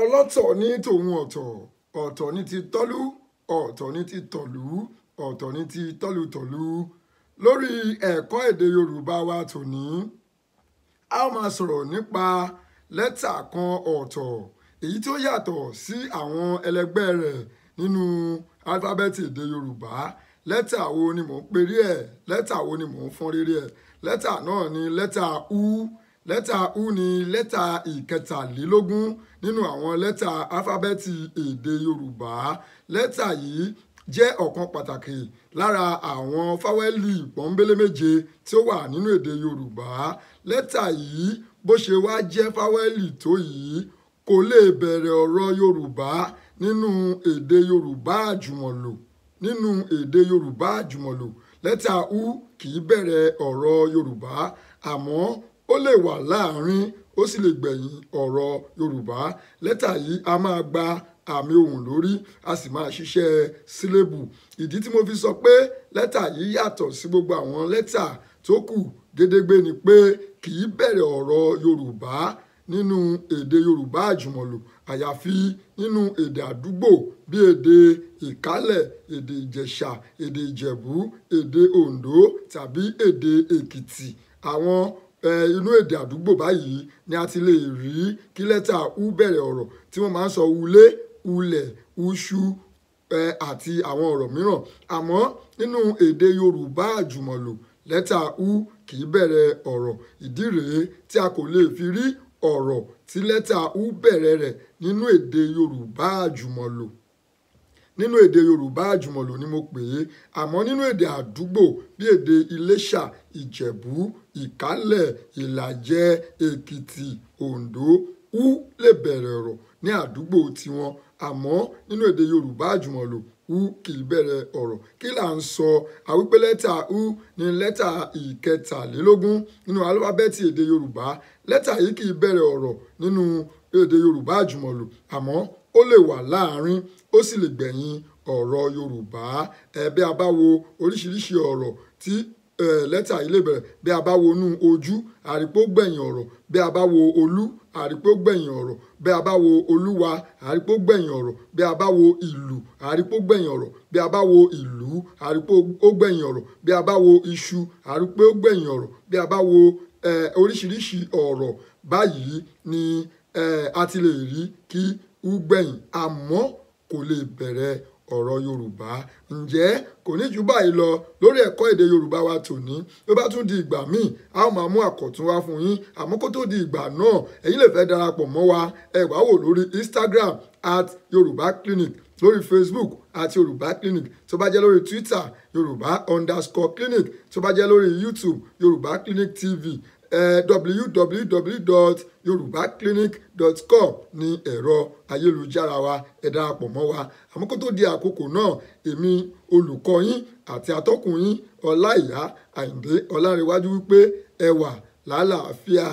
ọlọ́tọ̀ ní tòun ọ̀tọ̀ ọ̀tọ̀ ní ti tọ́lú ọ̀tọ̀ ní ti tọ̀lú ọ̀tọ̀ ní ti tọ́lútọ̀lú lórí ẹ̀kọ́ èdè Yorùbá wa tòní a ó máa sọ̀rọ̀ nípa lẹ́tà kan ọ̀tọ̀ èyí tó yàtọ̀ sí àwọn ẹlẹgbẹ́ rẹ̀ nínú alifábẹ́ẹ̀tì èdè Yorùbá lẹ́tà wo ni mò ń perí ẹ̀ lẹ́tà wo ni mò ń fọ́n rírí ẹ̀ lẹ́tà náà ni lẹ́tà u lẹ́tà u ni lẹ́tà ìkẹtàlélógún nínú àwọn lẹ́tà alifábẹ́ẹ̀tì èdè yorùbá lẹ́tà yìí jẹ́ ọ̀kan pàtàkì lára àwọn fáwẹ́lì pọ́nbélé méje tí ó wà nínú èdè yorùbá lẹ́tà yìí bó ṣe wá jẹ́ fáwẹ́lì tó yìí kò lè bẹ̀rẹ̀ ọ̀rọ̀ yorùbá nínú èdè yorùbá àjùmọ̀lò nínú èdè yorùbá àjùmọ̀lò lẹ́tà u kì í bẹ̀rẹ̀ ọ̀rọ̀ yorùbá àmọ́ ó lè wà láàárín ó sì lè gbẹ̀yìn ọ̀rọ̀ yorùbá lẹ́tà yìí a máa gba àmì ohùn lórí a sì máa ṣiṣẹ́ sílébù ìdí tí mo fi sọ pé lẹ́tà yìí yàtọ̀ sí gbogbo àwọn lẹ́tà tó kù gédégbé ni pé kì í bẹ̀rẹ̀ ọ̀rọ̀ yorùbá nínú èdè yorùbá àjùmọ̀lò àyàfi nínú èdè àdúgbò bí èdè ìkálẹ̀ èdè ìjẹ̀ṣà èdè ìjẹ̀bú èdè oǹdó tàbí èdè èkìtì àwọn inú èdè àdúgbò báyìí ni a ti lè rí kí lẹ́tà u bẹ̀rẹ̀ ọ̀rọ̀ tí wọ́n máa ń sọ ulé ulẹ̀ uṣu àti àwọn ọ̀rọ̀ mìíràn àmọ́ nínú èdè Yorùbá àjùmọ̀lò lẹ́tà u kì í bẹ̀rẹ̀ ọ̀rọ̀ ìdí rèé tí a kò lè fi rí ọ̀rọ̀ tí lẹ́tà u bẹ̀rẹ̀ rẹ̀ nínú èdè Yorùbá àjùmọ̀lò nínú èdè yorùbá àjùmọ̀lò ni mo pè é àmọ́ nínú èdè àdúgbò bí èdè iléṣà ìjẹ̀bú ìkálẹ̀ ìlàjẹ èkìtì oǹdó ú lè bẹ̀rẹ̀ ọ̀rọ̀ ní àdúgbò tiwọn àmọ́ nínú èdè yorùbá àjùmọ̀lò u kì í bẹ̀rẹ̀ ọ̀rọ̀ kí là ń sọ àwípé lẹ́tà u ní lẹ́tà ìkẹtàlélógún nínú alífábẹ́ẹ̀tì èdè yorùbá lẹ́tà yìí kì í bẹ̀rẹ̀ ọ̀rọ̀ nínú èdè yorùbá àjùmọ̀lò àmọ́ ó lè wà láàárín ó sì lè gbẹ̀yìn ọ̀rọ̀ yorùbá ẹ̀bẹ́ abáwo oríṣiríṣi ọ̀rọ̀ tí lẹ́tà yìí lè bẹ̀rẹ̀ bí a bá wo inú ojú àrípò gbẹ̀yìn ọ̀rọ̀ bí a bá wo olú àrípò gbẹ̀yìn ọ̀rọ̀ bí a bá wo olúwa àrípò gbẹ̀yìn ọ̀rọ̀ bí a bá wo ìlú àrípò gbẹ̀yìn ọ̀rọ̀ bí a bá wo ìlú àrípò gbẹ̀yìn ọ̀rọ̀ bí a bá wo iṣu àrípò gbẹ̀yìn ọ̀rọ̀ bí a bá wo oríṣiríṣi ọ̀rọ̀ báyìí ni a ti lè rí kí ó gbẹ̀yìn àmọ́ kò lè bẹ̀rẹ̀ ọ̀rọ̀ yorùbá ǹjẹ́ kò ní jù báyìí lọ lórí ẹ̀kọ́ èdè yorùbá wa tòní bí bá tún di ìgbà míì a ó máa mú àkọ̀tún wá fún yín àmọ́ kó tó di ìgbà náà ẹ̀yin lè fẹ́ darapọ̀ mọ́ wa ẹ wá wò lórí instagram at yorùbá clinic lórí facebook àti yorùbá clinic tó bá jẹ́ lórí twitter yorùbá underscore clinic tó bá jẹ́ lórí youtube yorùbá clinic tv www.yorubaclinic.com ní ẹ̀rọ ayélujára wa ẹ darapọ̀ mọ́ wa àmọ́ kó tó di àkókò náà èmi olùkọ́ yín àti atọ́kùn yín ọláìyá àyìndé ọlárẹ̀wájú wípé ẹ wà lálàáfíà.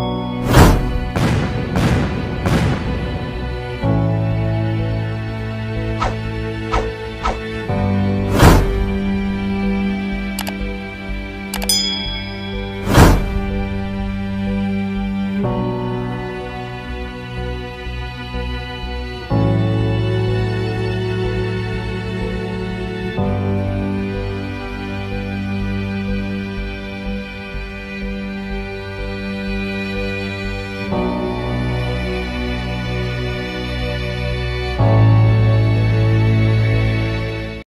thank you